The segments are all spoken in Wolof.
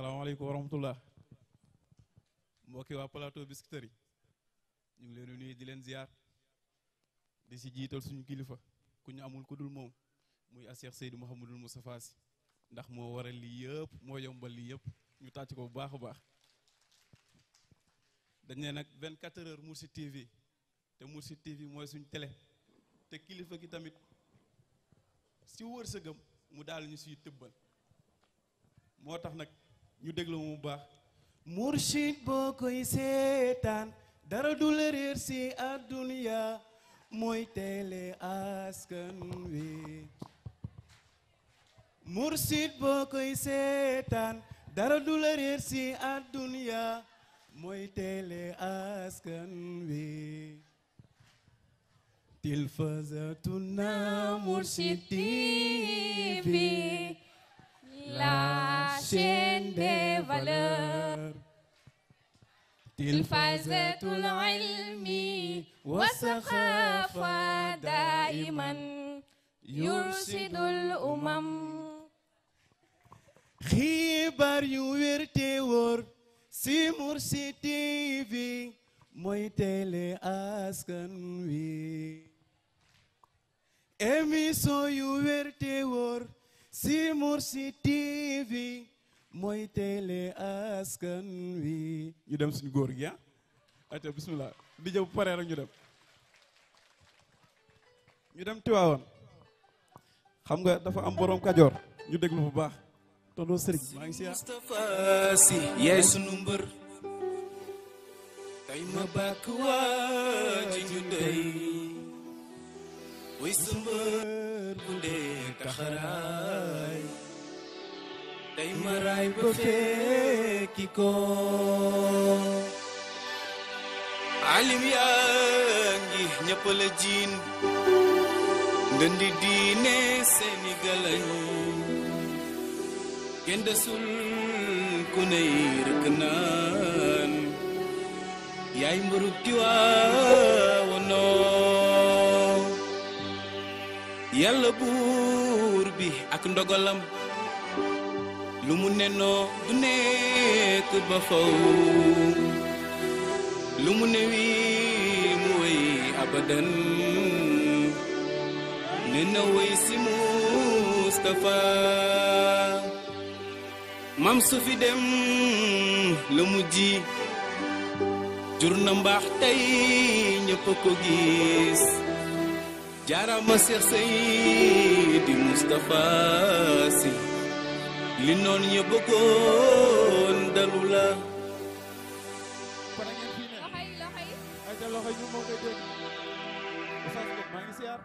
salaamaaleykum wa rahmatullah mbokki waa plateau Biscuiterie yi ñu ngi leen di nuyu di leen ziar di si jiital suñu kilifa ku ñu amul ko dul moom muy Cheikh Seydou Mouhamadul Moustapha Sy ndax moo waral lii yëpp moo yombal lii yëpp ñu tàcc ko bu baax a baax dañ ne nag 24 heures Mourchid TV te Mourchid TV mooy suñu tele te kilifa gi tamit si wërsëgam mu daal ñu siy tëbbal moo tax nag ñu déglu mu baax mursid boo koy seetaan dara du la réer si àdduna mooy teele askan wi mursid boo koy seetaan dara chaîne des valeurs تلفزة العلم والثقافة دائما يرصد الأمم xibaar yu wér te wóor si Mourchid TV mooy télé askan wi émission yu wér te wóor si Mourchid TV mooy teele askan wi ñu dem suñu góor gi ah aca bismillah di bu paree rek ñu dem ñu dem Tiwaawan xam nga dafa am boroom kajoor ñu déglu fu baax tondo sëriñ maa ngi si Moustapha Sy yaay sunu mbër tey ma bàkk waa ji ñu dey way sa mbër bu ndee taxaraay tey ma raay ba fekki ko yaa ngi ñëpp la ndëndi diine seeni galañ kenn desul ku ney rëkk naan yaay mbarug Tiwaawoon yàlla buur bi ak ndogalam lu mu nenoo du nekk ba faw lu mu ne wii mu wéy abadan ne wéy si Mustapha mam su fi dem la mu ji jur na mbaax tey ñëpp ko gis jaarama Seex Seydi Mustapha Si li noonu ñu dalu la loxo yi loxo yi ay loxo yi ñu moo koy dégg maa ngi siyaar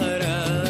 خراب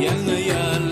yàlla yàlla